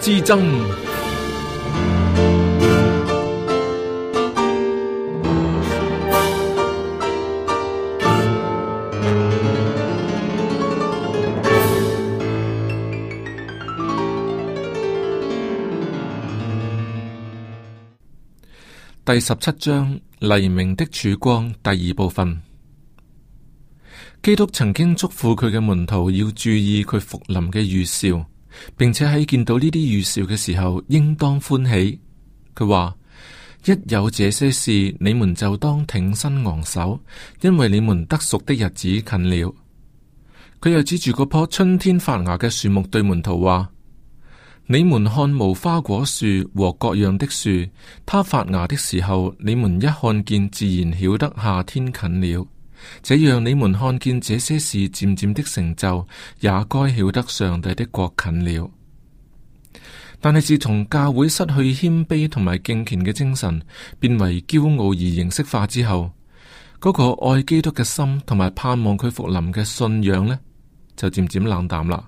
之爭。第十七章黎明的曙光，第二部分。基督曾經囑咐佢嘅門徒要注意佢復臨嘅預兆。並且喺見到呢啲預兆嘅時候，應當歡喜。佢話：一有這些事，你們就當挺身昂首，因為你們得贖的日子近了。佢又指住嗰棵春天發芽嘅樹木對門徒話：你們看無花果樹和各樣的樹，它發芽的時候，你們一看見，自然曉得夏天近了。這樣你們看見這些事漸漸的成就，也該曉得上帝的國近了。但係自從教會失去謙卑同埋敬虔嘅精神，變為驕傲而形式化之後，嗰個愛基督嘅心同埋盼望佢復臨嘅信仰呢，就漸漸冷淡啦。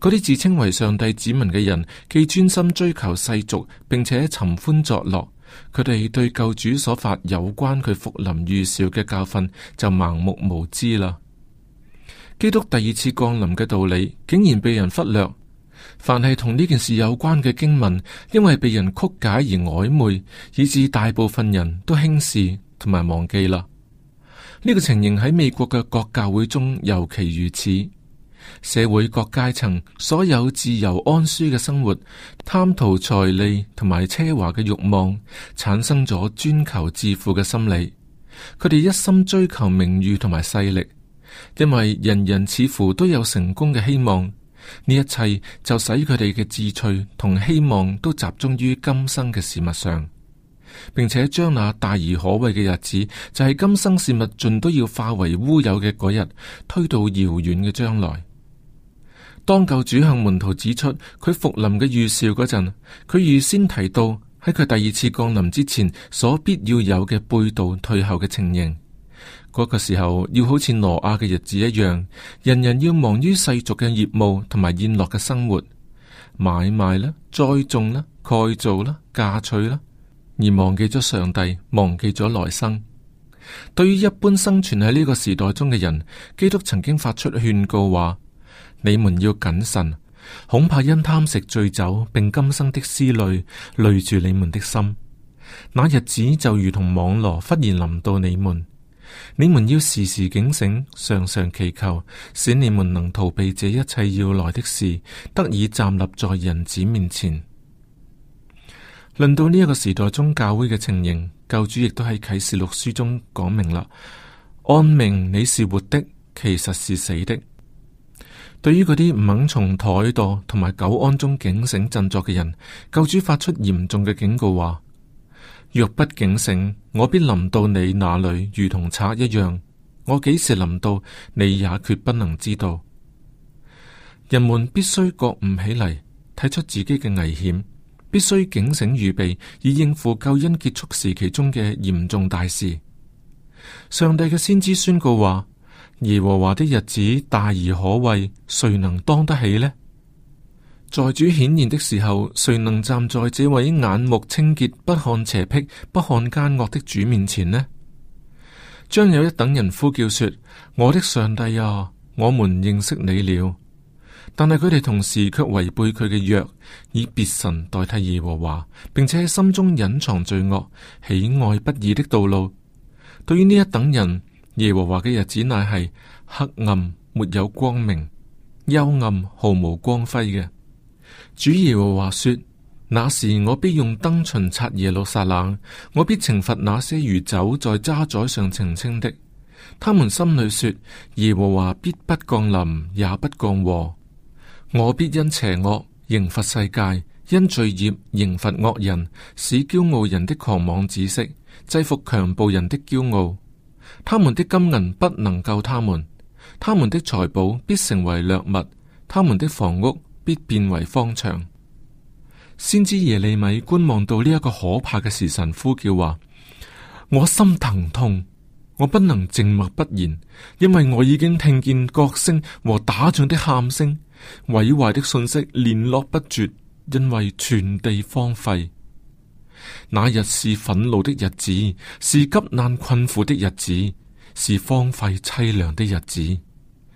嗰啲自稱為上帝子民嘅人，既專心追求世俗，並且尋歡作樂。佢哋對救主所發有關佢復臨預兆嘅教訓就盲目無知啦。基督第二次降臨嘅道理竟然被人忽略，凡係同呢件事有關嘅經文，因為被人曲解而曖昧，以致大部分人都輕視同埋忘記啦。呢、這個情形喺美國嘅國教會中尤其如此。社會各階層所有自由安舒嘅生活，貪圖財利同埋奢華嘅慾望，產生咗專求致富嘅心理。佢哋一心追求名譽同埋勢力，因為人人似乎都有成功嘅希望。呢一切就使佢哋嘅志趣同希望都集中於今生嘅事物上，並且將那大而可畏嘅日子，就係、是、今生事物盡都要化為烏有嘅嗰日，推到遙遠嘅將來。當救主向門徒指出佢復臨嘅預兆嗰陣，佢預先提到喺佢第二次降臨之前所必要有嘅背道退後嘅情形。嗰個時候要好似羅亞嘅日子一樣，人人要忙於世俗嘅業務同埋宴樂嘅生活，買賣啦、栽種啦、蓋造啦、嫁娶啦，而忘記咗上帝，忘記咗來生。對於一般生存喺呢個時代中嘅人，基督曾經發出勸告話。你們要謹慎，恐怕因貪食醉酒，並今生的思慮累住你們的心。那日子就如同網羅忽然臨到你們。你們要時時警醒，常常祈求，使你們能逃避這一切要來的事，得以站立在人子面前。論到呢一個時代中教會嘅情形，教主亦都喺啟示錄書中講明啦。按名你是活的，其實是死的。對於嗰啲唔肯從怠惰同埋久安中警醒振作嘅人，救主發出嚴重嘅警告話：若不警醒，我必臨到你那裏，如同賊一樣。我幾時臨到，你也決不能知道。人們必須覺悟起嚟，睇出自己嘅危險，必須警醒預備，以應付救恩結束時期中嘅嚴重大事。上帝嘅先知宣告話。耶和華的日子大而可畏，誰能當得起呢？在主顯現的時候，誰能站在這位眼目清潔、不看邪僻、不看奸惡的主面前呢？將有一等人呼叫說：我的上帝啊，我們認識你了。但係佢哋同時卻違背佢嘅約，以別神代替耶和華，並且喺心中隱藏罪惡，喜愛不義的道路。對於呢一等人，耶和華嘅日子乃係黑暗，沒有光明，幽暗，毫無光輝嘅。主耶和華說：那時我必用燈巡察耶路撒冷，我必懲罰那些如酒在渣滓上澄清的。他們心裏說：耶和華必不降臨，也不降禍。我必因邪惡刑罰世界，因罪孽刑罰惡人，使驕傲人的狂妄止息，制服強暴人的驕傲。他們的金銀不能救他們，他們的財寶必成為掠物，他們的房屋必變為荒場。先知耶利米觀望到呢一個可怕嘅時辰，呼叫話：我心疼痛，我不能靜默不言，因為我已經聽見角聲和打仗的喊聲，毀壞的信息連絡不絕，因為全地荒廢。那日是憤怒的日子，是急難困苦的日子，是荒廢淒涼的日子，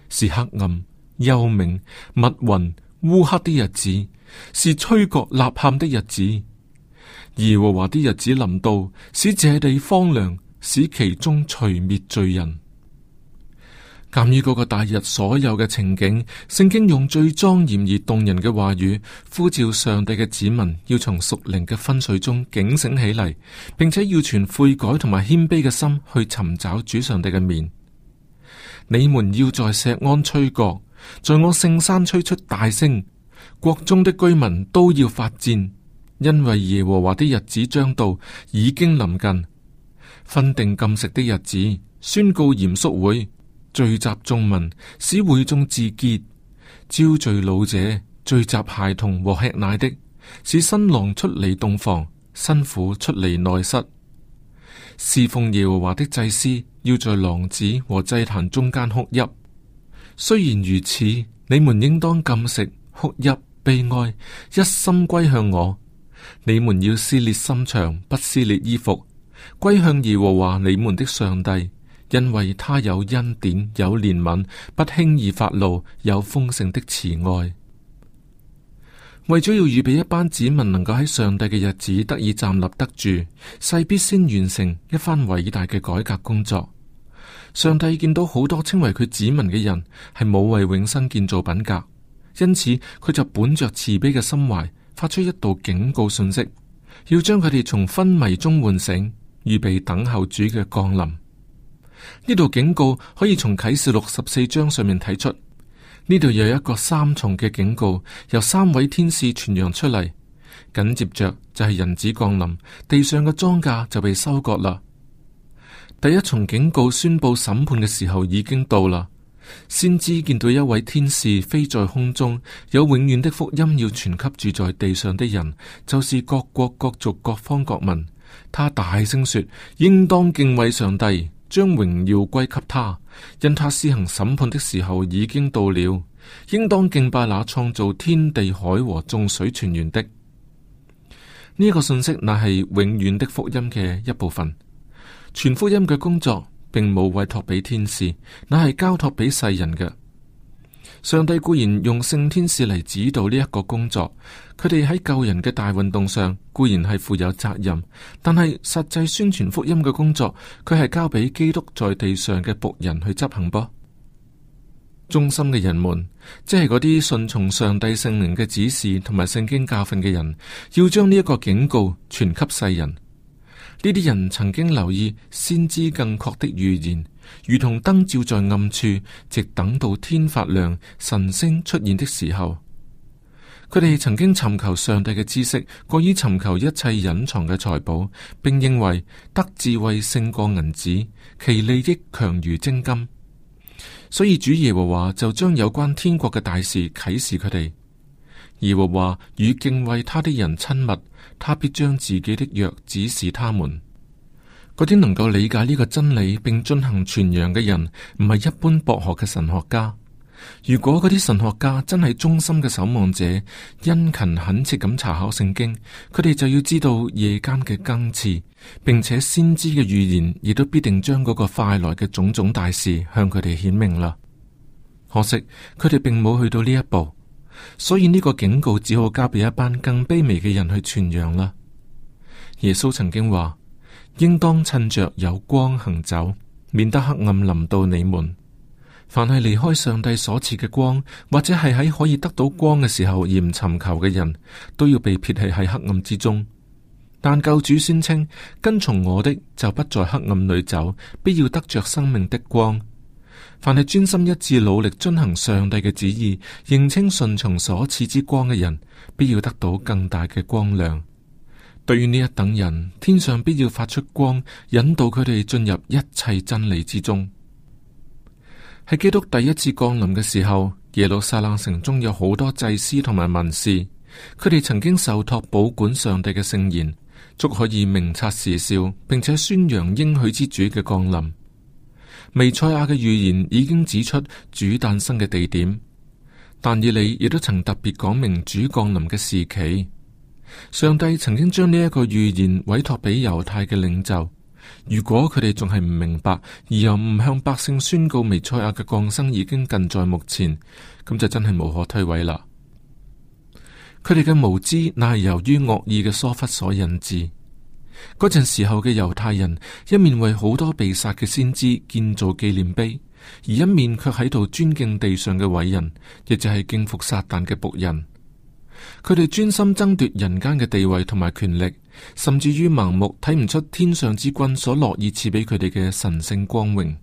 是黑暗、幽冥、密雲、烏黑的日子，是吹角吶喊的日子。耶和華的日子臨到，使這地荒涼，使其中除滅罪人。鑒於嗰個大日所有嘅情景，聖經用最莊嚴而動人嘅話語呼召上帝嘅子民，要從屬靈嘅昏睡中警醒起嚟，並且要存悔改同埋謙卑嘅心去尋找主上帝嘅面。你們要在錫安吹角，在我聖山吹出大聲，國中的居民都要發顫，因為耶和華的日子將到，已經臨近，分定禁食的日子，宣告嚴肅會。聚集眾民，使會眾自潔；招聚老者、聚集孩童和吃奶的，使新郎出離洞房，新婦出離內室。侍奉耶和華的祭司要在廊子和祭壇中間哭泣。雖然如此，你們應當禁食、哭泣、悲哀，一心歸向我。你們要撕裂心腸，不撕裂衣服，歸向耶和華你們的上帝。因為他有恩典，有憐憫，不輕易發怒，有豐盛的慈愛。為咗要預備一班子民能夠喺上帝嘅日子得以站立得住，勢必先完成一番偉大嘅改革工作。上帝見到好多稱為佢子民嘅人係冇為永生建造品格，因此佢就本着慈悲嘅心懷，發出一道警告信息，要將佢哋從昏迷中喚醒，預備等候主嘅降臨。呢度警告可以從啟示錄十四章上面睇出。呢度又有一個三重嘅警告，由三位天使傳揚出嚟。緊接着就係人子降臨，地上嘅莊稼就被收割啦。第一重警告宣布審判嘅時候已經到啦。先知見到一位天使飛在空中，有永遠的福音要傳給住在地上的人，就是各國、各族、各方、各民。他大聲說：應當敬畏上帝。將榮耀歸給他，因他施行審判的時候已經到了，應當敬拜那創造天地海和眾水泉源的。呢、這、一個信息，那係永遠的福音嘅一部分。傳福音嘅工作，並冇委託俾天使,那係交託俾世人嘅。上帝固然用聖天使嚟指導呢一個工作，佢哋喺救人嘅大運動上固然係負有責任，但係實際宣傳福音嘅工作，佢係交俾基督在地上嘅僕人去執行。噃。忠心嘅人們，即係嗰啲順從上帝聖靈嘅指示同埋聖經教訓嘅人，要將呢一個警告傳給世人。呢啲人曾經留意先知更確的預言。如同燈照在暗處，直等到天發亮，晨星出現的時候，佢哋曾經尋求上帝嘅知識，過於尋求一切隱藏嘅財寶，並認為得智慧勝過銀子，其利益強如精金。所以主耶和華就將有關天國嘅大事啟示佢哋。耶和華與敬畏他的人親密，他必將自己的約指示他們。嗰啲能夠理解呢個真理並進行傳揚嘅人，唔係一般博學嘅神學家。如果嗰啲神學家真係忠心嘅守望者，殷勤懇切咁查考聖經，佢哋就要知道夜間嘅更次，並且先知嘅預言，亦都必定將嗰個快來嘅種種大事向佢哋顯明啦。可惜，佢哋並冇去到呢一步，所以呢個警告只好交俾一班更卑微嘅人去傳揚啦。耶穌曾經話：應當趁着有光行走，免得黑暗臨到你們。凡係離開上帝所賜嘅光，或者係喺可以得到光嘅時候，而不尋求嘅人，都要被撇棄喺黑暗之中。但救主宣稱：跟從我的就不在黑暗裏走，必要得着生命的光。凡係專心一致、努力遵行上帝嘅旨意，認清順從所賜之光嘅人，必要得到更大嘅光亮。對於呢一等人，天上必要發出光，引導佢哋進入一切真理之中。喺基督第一次降臨嘅時候，耶路撒冷城中有好多祭司同埋文士，佢哋曾經受託保管上帝嘅聖言，足可以明察時兆，並且宣揚應許之主嘅降臨。彌賽亞嘅預言已經指出主誕生嘅地點，但以理亦都曾特別講明主降臨嘅時期。上帝曾經將呢一個預言委託俾猶太嘅領袖，如果佢哋仲係唔明白，而又唔向百姓宣告彌賽亞嘅降生已經近在目前，咁就真係無可推諉啦。佢哋嘅無知，乃係由於惡意嘅疏忽所引致。嗰陣時候嘅猶太人，一面為好多被殺嘅先知建造紀念碑，而一面卻喺度尊敬地上嘅偉人，亦就係敬服撒旦嘅僕人。佢哋專心爭奪人間嘅地位同埋權力，甚至於盲目睇唔出天上之君所樂意賜俾佢哋嘅神聖光榮。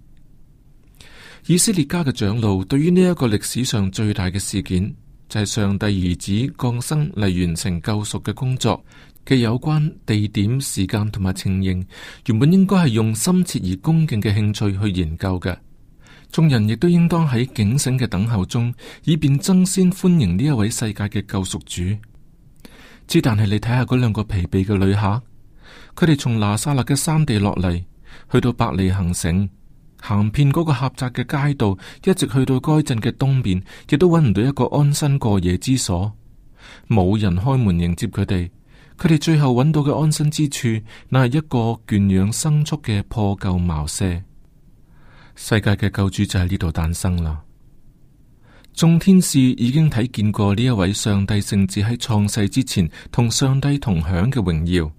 以色列家嘅長老對於呢一個歷史上最大嘅事件，就係、是、上帝兒子降生嚟完成救贖嘅工作，嘅有關地點、時間同埋情形，原本應該係用深切而恭敬嘅興趣去研究嘅。眾人亦都應當喺警醒嘅等候中，以便爭先歡迎呢一位世界嘅救贖主。只但係你睇下嗰兩個疲憊嘅旅客，佢哋從拿撒勒嘅山地落嚟，去到伯利恒城，行遍嗰個狹窄嘅街道，一直去到該鎮嘅東邊，亦都揾唔到一個安身過夜之所。冇人開門迎接佢哋，佢哋最後揾到嘅安身之處，乃係一個圈養牲畜嘅破舊茅舍。世界嘅救主就喺呢度誕生啦。眾天使已經睇見過呢一位上帝聖子喺創世之前同上帝同享嘅榮耀。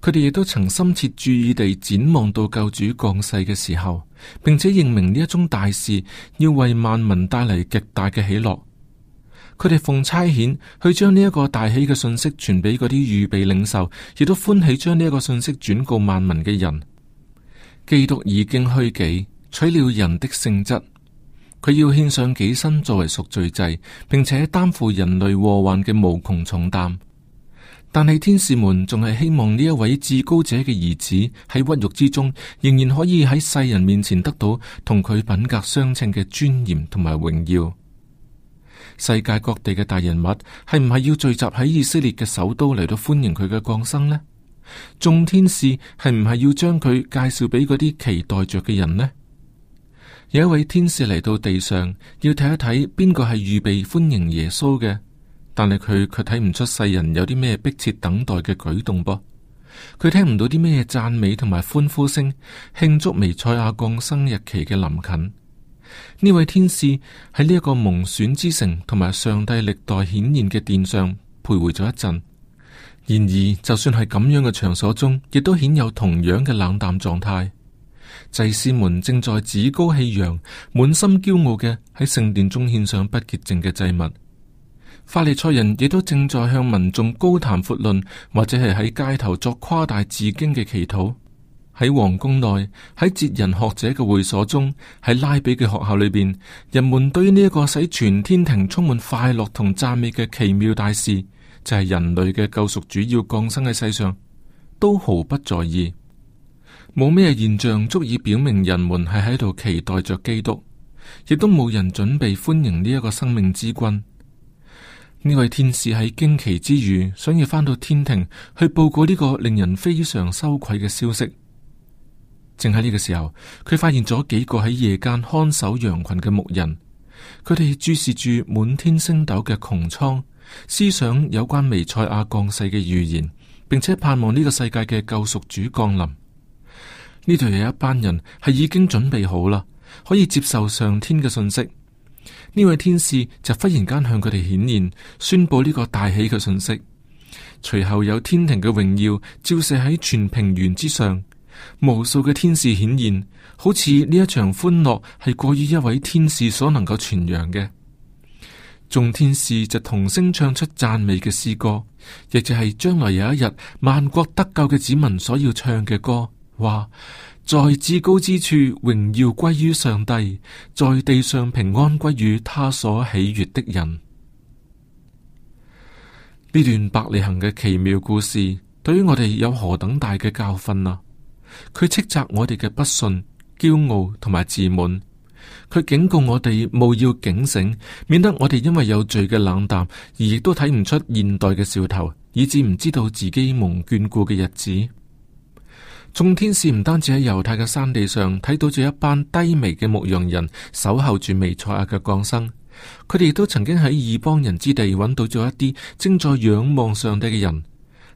佢哋亦都曾深切注意地展望到救主降世嘅時候，並且認明呢一宗大事要為萬民帶嚟極大嘅喜樂。佢哋奉差遣去將呢一個大喜嘅信息傳俾嗰啲預備領袖，亦都歡喜將呢一個信息轉告萬民嘅人。基督已經虛己。取了人的性質，佢要獻上己身作為贖罪祭，並且擔負人類禍患嘅無窮重擔。但係天使們仲係希望呢一位至高者嘅兒子喺屈辱之中，仍然可以喺世人面前得到同佢品格相稱嘅尊嚴同埋榮耀。世界各地嘅大人物係唔係要聚集喺以色列嘅首都嚟到歡迎佢嘅降生呢？眾天使係唔係要將佢介紹俾嗰啲期待着嘅人呢？有一位天使嚟到地上，要睇一睇邊個係預備歡迎耶穌嘅，但係佢卻睇唔出世人有啲咩迫切等待嘅舉動噃，佢聽唔到啲咩讚美同埋歡呼聲，慶祝彌賽亞降生日期嘅臨近。呢位天使喺呢一個蒙選之城同埋上帝歷代顯現嘅殿上徘徊咗一陣，然而就算係咁樣嘅場所中，亦都顯有同樣嘅冷淡狀態。祭司們正在趾高氣揚、滿心驕傲嘅喺聖殿中獻上不潔淨嘅祭物，法利賽人亦都正在向民眾高談闊論，或者係喺街頭作誇大自矜嘅祈禱。喺皇宮內，喺哲人學者嘅會所中，喺拉比嘅學校裏邊，人們對於呢一個使全天庭充滿快樂同讚美嘅奇妙大事，就係、是、人類嘅救贖主要降生喺世上，都毫不在意。冇咩現象足以表明人們係喺度期待着基督，亦都冇人準備歡迎呢一個生命之君。呢位天使喺驚奇之餘，想要返到天庭去報告呢個令人非常羞愧嘅消息。正喺呢個時候，佢發現咗幾個喺夜間看守羊群嘅牧人，佢哋注視住滿天星斗嘅穹蒼，思想有關彌賽亞降世嘅預言，並且盼望呢個世界嘅救贖主降臨。呢度有一班人係已經準備好啦，可以接受上天嘅信息。呢位天使就忽然間向佢哋顯現，宣布呢個大喜嘅信息。隨後有天庭嘅榮耀照射喺全平原之上，無數嘅天使顯現，好似呢一場歡樂係過於一位天使所能夠傳揚嘅。眾天使就同聲唱出讚美嘅詩歌，亦就係將來有一日萬國得救嘅子民所要唱嘅歌。話，在至高之處榮耀歸於上帝，在地上平安歸於他所喜悦的人。呢段百里行嘅奇妙故事，對於我哋有何等大嘅教訓啊？佢斥責我哋嘅不信、驕傲同埋自滿，佢警告我哋務要警醒，免得我哋因為有罪嘅冷淡而亦都睇唔出現代嘅兆頭，以至唔知道自己蒙眷顧嘅日子。眾天使唔單止喺猶太嘅山地上睇到咗一班低微嘅牧羊人守候住彌賽亞嘅降生，佢哋亦都曾經喺異邦人之地揾到咗一啲正在仰望上帝嘅人。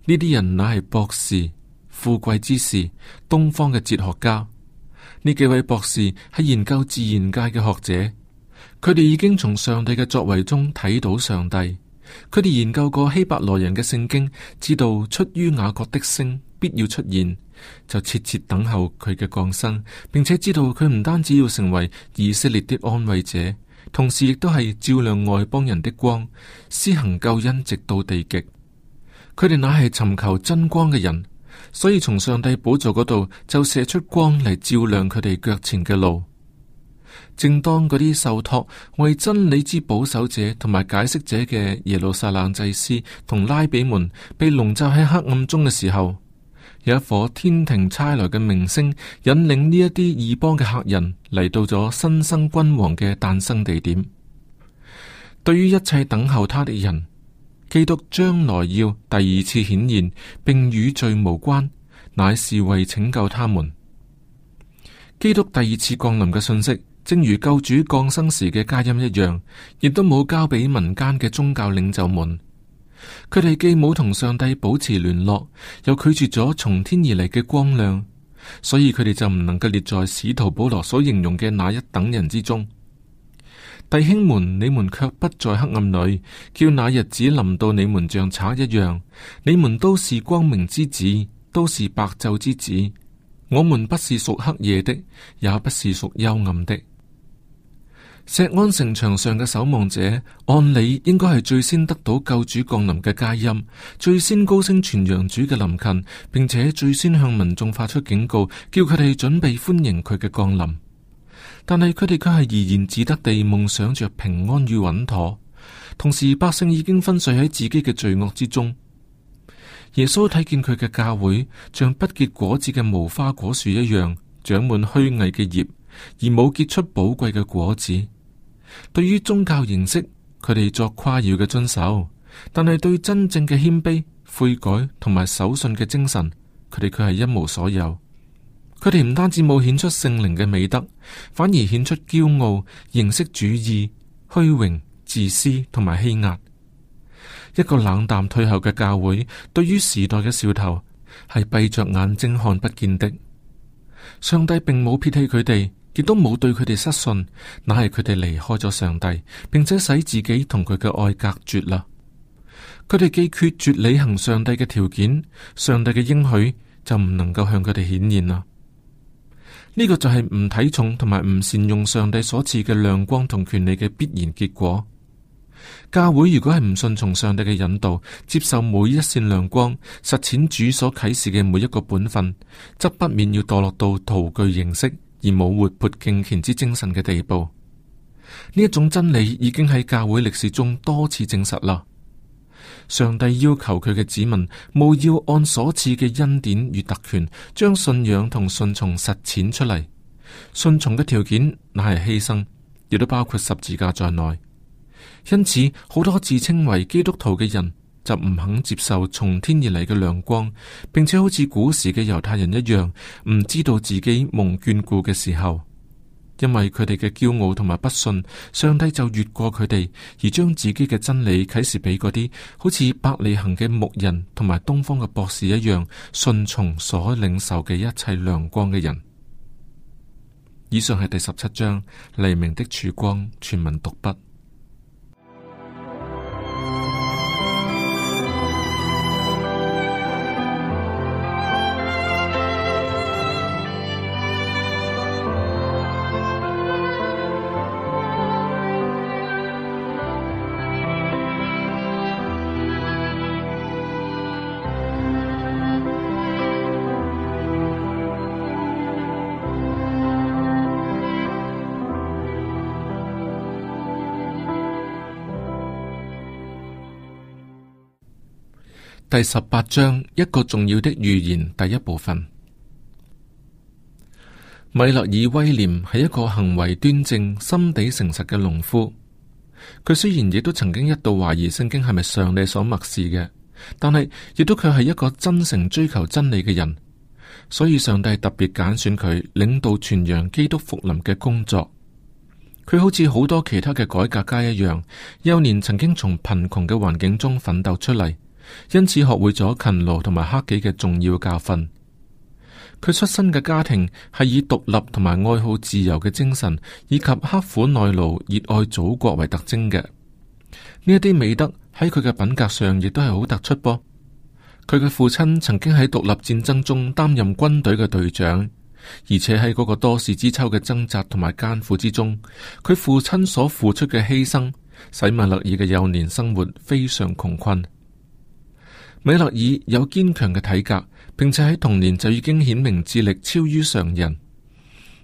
呢啲人乃係博士、富貴之士、東方嘅哲學家。呢幾位博士係研究自然界嘅學者，佢哋已經從上帝嘅作為中睇到上帝。佢哋研究過希伯來人嘅聖經，知道出於雅各的星。必要出現，就切切等候佢嘅降生，並且知道佢唔單止要成為以色列的安慰者，同時亦都係照亮外邦人的光，施行救恩直到地極。佢哋乃係尋求真光嘅人，所以從上帝寶座嗰度就射出光嚟照亮佢哋腳前嘅路。正當嗰啲受託為真理之保守者同埋解釋者嘅耶路撒冷祭司同拉比們被籠罩喺黑暗中嘅時候，有一顆天庭差來嘅明星，引領呢一啲異邦嘅客人嚟到咗新生君王嘅誕生地點。對於一切等候他的人，基督將來要第二次顯現，並與罪無關，乃是為拯救他們。基督第二次降臨嘅信息，正如救主降生時嘅佳音一樣，亦都冇交俾民間嘅宗教領袖們。佢哋既冇同上帝保持聯絡，又拒絕咗從天而嚟嘅光亮，所以佢哋就唔能夠列在使徒保羅所形容嘅那一等人之中。弟兄們，你們卻不在黑暗裏，叫那日子臨到你們像賊一樣。你們都是光明之子，都是白晝之子。我們不是屬黑夜的，也不是屬幽暗的。石安城牆上嘅守望者，按理應該係最先得到救主降臨嘅佳音，最先高聲傳揚主嘅臨近，並且最先向民眾發出警告，叫佢哋準備歡迎佢嘅降臨。但係佢哋卻係怡然自得地夢想着平安與穩妥，同時百姓已經昏睡喺自己嘅罪惡之中。耶穌睇見佢嘅教會，像不結果子嘅無花果樹一樣，長滿虛偽嘅葉。而冇結出寶貴嘅果子。對於宗教形式，佢哋作誇耀嘅遵守，但係對真正嘅謙卑、悔改，同埋守信嘅精神，佢哋卻係一無所有。佢哋唔單止冇顯出聖靈嘅美德，反而顯出驕傲、形式主義、虛榮、自私同埋欺壓。一個冷淡退後嘅教會，對於時代嘅兆頭，係閉着眼睛，看不見的。上帝並冇撇棄佢哋。亦都冇對佢哋失信，乃係佢哋離開咗上帝，並且使自己同佢嘅愛隔絕啦。佢哋既決絕履行上帝嘅條件，上帝嘅應許就唔能夠向佢哋顯現啦。呢、這個就係唔體重同埋唔善用上帝所賜嘅亮光同權利嘅必然結果。教會如果係唔順從上帝嘅引導，接受每一線亮光，實踐主所啟示嘅每一個本分，則不免要墮落到徒具形式。而冇活潑敬虔之精神嘅地步，呢一種真理已經喺教會歷史中多次證實啦。上帝要求佢嘅子民，務要按所賜嘅恩典與特權，將信仰同信從實踐出嚟。信從嘅條件，乃係犧牲，亦都包括十字架在內。因此，好多自稱為基督徒嘅人，就唔肯接受從天而嚟嘅亮光，並且好似古時嘅猶太人一樣，唔知道自己蒙眷顧嘅時候，因為佢哋嘅驕傲同埋不信，上帝就越過佢哋，而將自己嘅真理啟示俾嗰啲好似伯利恆嘅牧人同埋東方嘅博士一樣，順從所領受嘅一切亮光嘅人。以上係第十七章黎明的曙光全文讀畢。第十八章，一個重要的預言。第一部分，米勒爾威廉係一個行為端正、心地誠實嘅農夫。佢雖然亦都曾經一度懷疑聖經係咪上帝所默示嘅，但係亦都佢係一個真誠追求真理嘅人，所以上帝特別揀選佢領導傳揚基督復臨嘅工作。佢好似好多其他嘅改革家一樣，幼年曾經從貧窮嘅環境中奮鬥出嚟。因此學會咗勤勞同埋克己嘅重要教訓。佢出身嘅家庭係以獨立同埋愛好自由嘅精神，以及刻苦耐勞、熱愛祖國為特徵嘅。呢一啲美德喺佢嘅品格上亦都係好突出噃。佢嘅父親曾經喺獨立戰爭中擔任軍隊嘅隊長，而且喺嗰個多事之秋嘅掙扎同埋艱苦之中，佢父親所付出嘅犧牲，使馬勒爾嘅幼年生活非常窮困。米勒爾有堅強嘅體格，並且喺童年就已經顯明智力超於常人。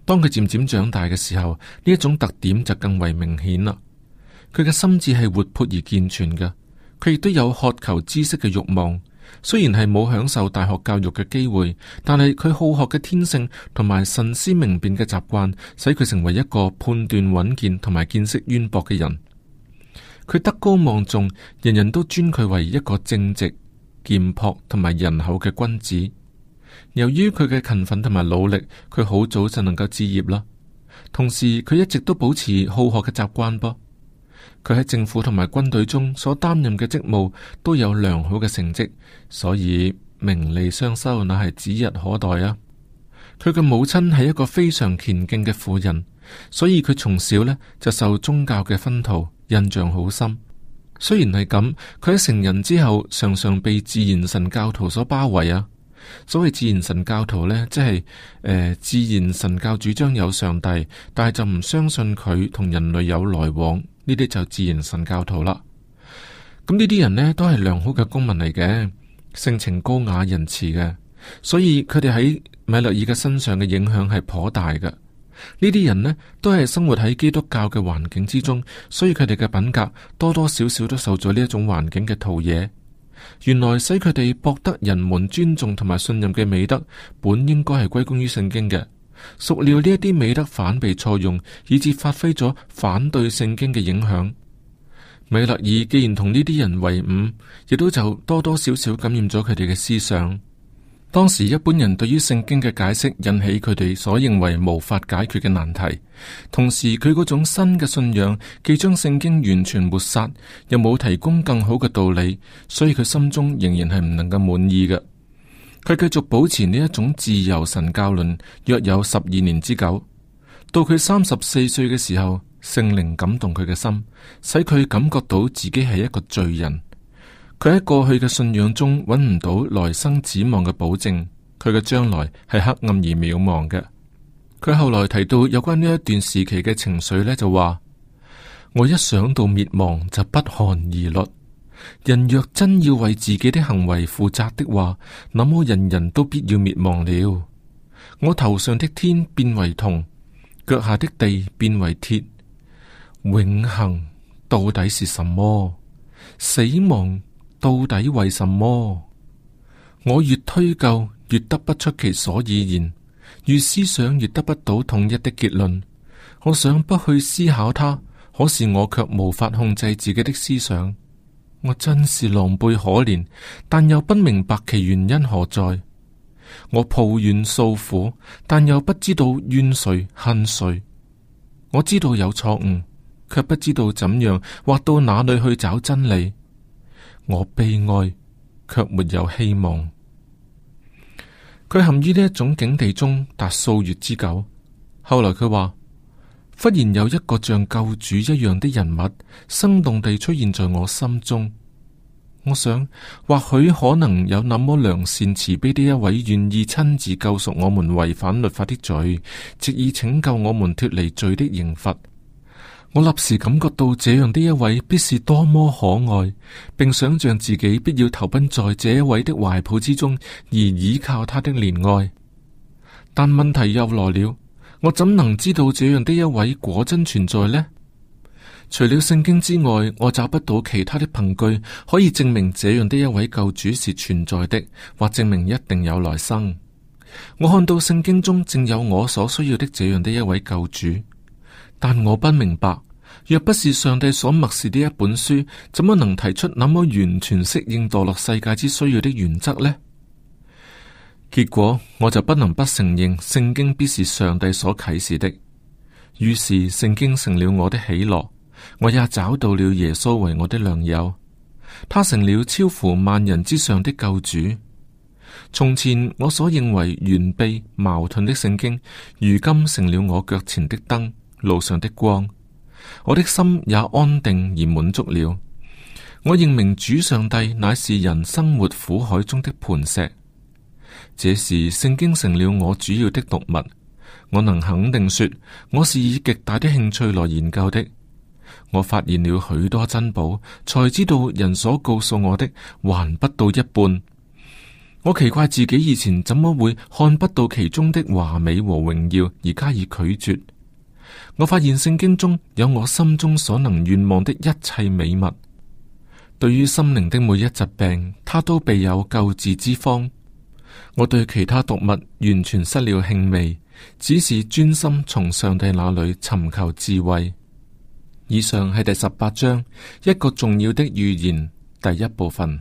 當佢漸漸長大嘅時候，呢一種特點就更為明顯啦。佢嘅心智係活潑而健全嘅，佢亦都有渴求知識嘅慾望。雖然係冇享受大學教育嘅機會，但係佢好學嘅天性同埋神思明辨嘅習慣，使佢成為一個判斷穩健同埋見識淵博嘅人。佢德高望重，人人都尊佢為一個正直儉樸同埋人口嘅君子，由於佢嘅勤奮同埋努力，佢好早就能夠置業啦。同時，佢一直都保持好學嘅習慣噃。佢喺政府同埋軍隊中所擔任嘅職務都有良好嘅成績，所以名利雙收，乃係指日可待啊！佢嘅母親係一個非常虔敬嘅婦人，所以佢從小呢就受宗教嘅熏陶，印象好深。雖然係咁，佢喺成人之後，常常被自然神教徒所包圍啊。所謂自然神教徒呢，即係、呃、自然神教主張有上帝，但係就唔相信佢同人類有來往，呢啲就自然神教徒啦。咁呢啲人呢，都係良好嘅公民嚟嘅，性情高雅仁慈嘅，所以佢哋喺米勒爾嘅身上嘅影響係頗大嘅。呢啲人呢，都係生活喺基督教嘅環境之中，所以佢哋嘅品格多多少少都受咗呢一種環境嘅陶冶。原來使佢哋博得人們尊重同埋信任嘅美德，本應該係歸功於聖經嘅。孰料呢一啲美德反被錯用，以致發揮咗反對聖經嘅影響。米勒爾既然同呢啲人為伍，亦都就多多少少感染咗佢哋嘅思想。當時一般人對於聖經嘅解釋，引起佢哋所認為無法解決嘅難題。同時，佢嗰種新嘅信仰既將聖經完全抹殺，又冇提供更好嘅道理，所以佢心中仍然係唔能夠滿意嘅。佢繼續保持呢一種自由神教論，約有十二年之久。到佢三十四歲嘅時候，聖靈感動佢嘅心，使佢感覺到自己係一個罪人。佢喺過去嘅信仰中揾唔到來生指望嘅保證，佢嘅將來係黑暗而渺茫嘅。佢後來提到有關呢一段時期嘅情緒呢就話：我一想到滅亡就不寒而栗。人若真要為自己的行為負責的話，那麼人人都必要滅亡了。我頭上的天變為銅，腳下的地變為鐵。永恆到底是什麼？死亡？到底為什麼？我越推究，越得不出其所以然；越思想，越得不到統一的結論。我想不去思考它，可是我卻無法控制自己的思想。我真是狼狽可憐，但又不明白其原因何在。我抱怨、訴苦，但又不知道怨誰恨誰。我知道有錯誤，卻不知道怎樣或到哪裏去找真理。我悲哀，卻沒有希望。佢陷於呢一種境地中達數月之久。後來佢話，忽然有一個像救主一樣的人物，生動地出現在我心中。我想，或許可能有那麼良善慈悲的一位，願意親自救贖我們違反律法的罪，藉以拯救我們脫離罪的刑罰。我立時感覺到這樣的一位必是多麼可愛，並想象自己必要投奔在這一位的懷抱之中，而倚靠他的憐愛。但問題又來了，我怎能知道這樣的一位果真存在呢？除了聖經之外，我找不到其他的憑據可以證明這樣的一位救主是存在的，或證明一定有來生。我看到聖經中正有我所需要的這樣的一位救主。但我不明白，若不是上帝所默示的一本書，怎麼能提出那麼完全適應墮落世界之需要的原則呢？結果我就不能不承認聖經必是上帝所啟示的。於是聖經成了我的喜樂，我也找到了耶穌為我的良友。他成了超乎萬人之上的救主。從前我所認為完備矛盾的聖經，如今成了我腳前的燈。路上的光，我的心也安定而滿足了。我認明主上帝乃是人生活苦海中的磐石。這時，聖經成了我主要的讀物。我能肯定說，我是以極大的興趣來研究的。我發現了許多珍寶，才知道人所告訴我的還不到一半。我奇怪自己以前怎麼會看不到其中的華美和榮耀，而加以拒絕。我發現聖經中有我心中所能願望的一切美物，對於心靈的每一疾病，它都備有救治之方。我對其他讀物完全失了興味，只是專心從上帝那裏尋求智慧。以上係第十八章一個重要的預言第一部分。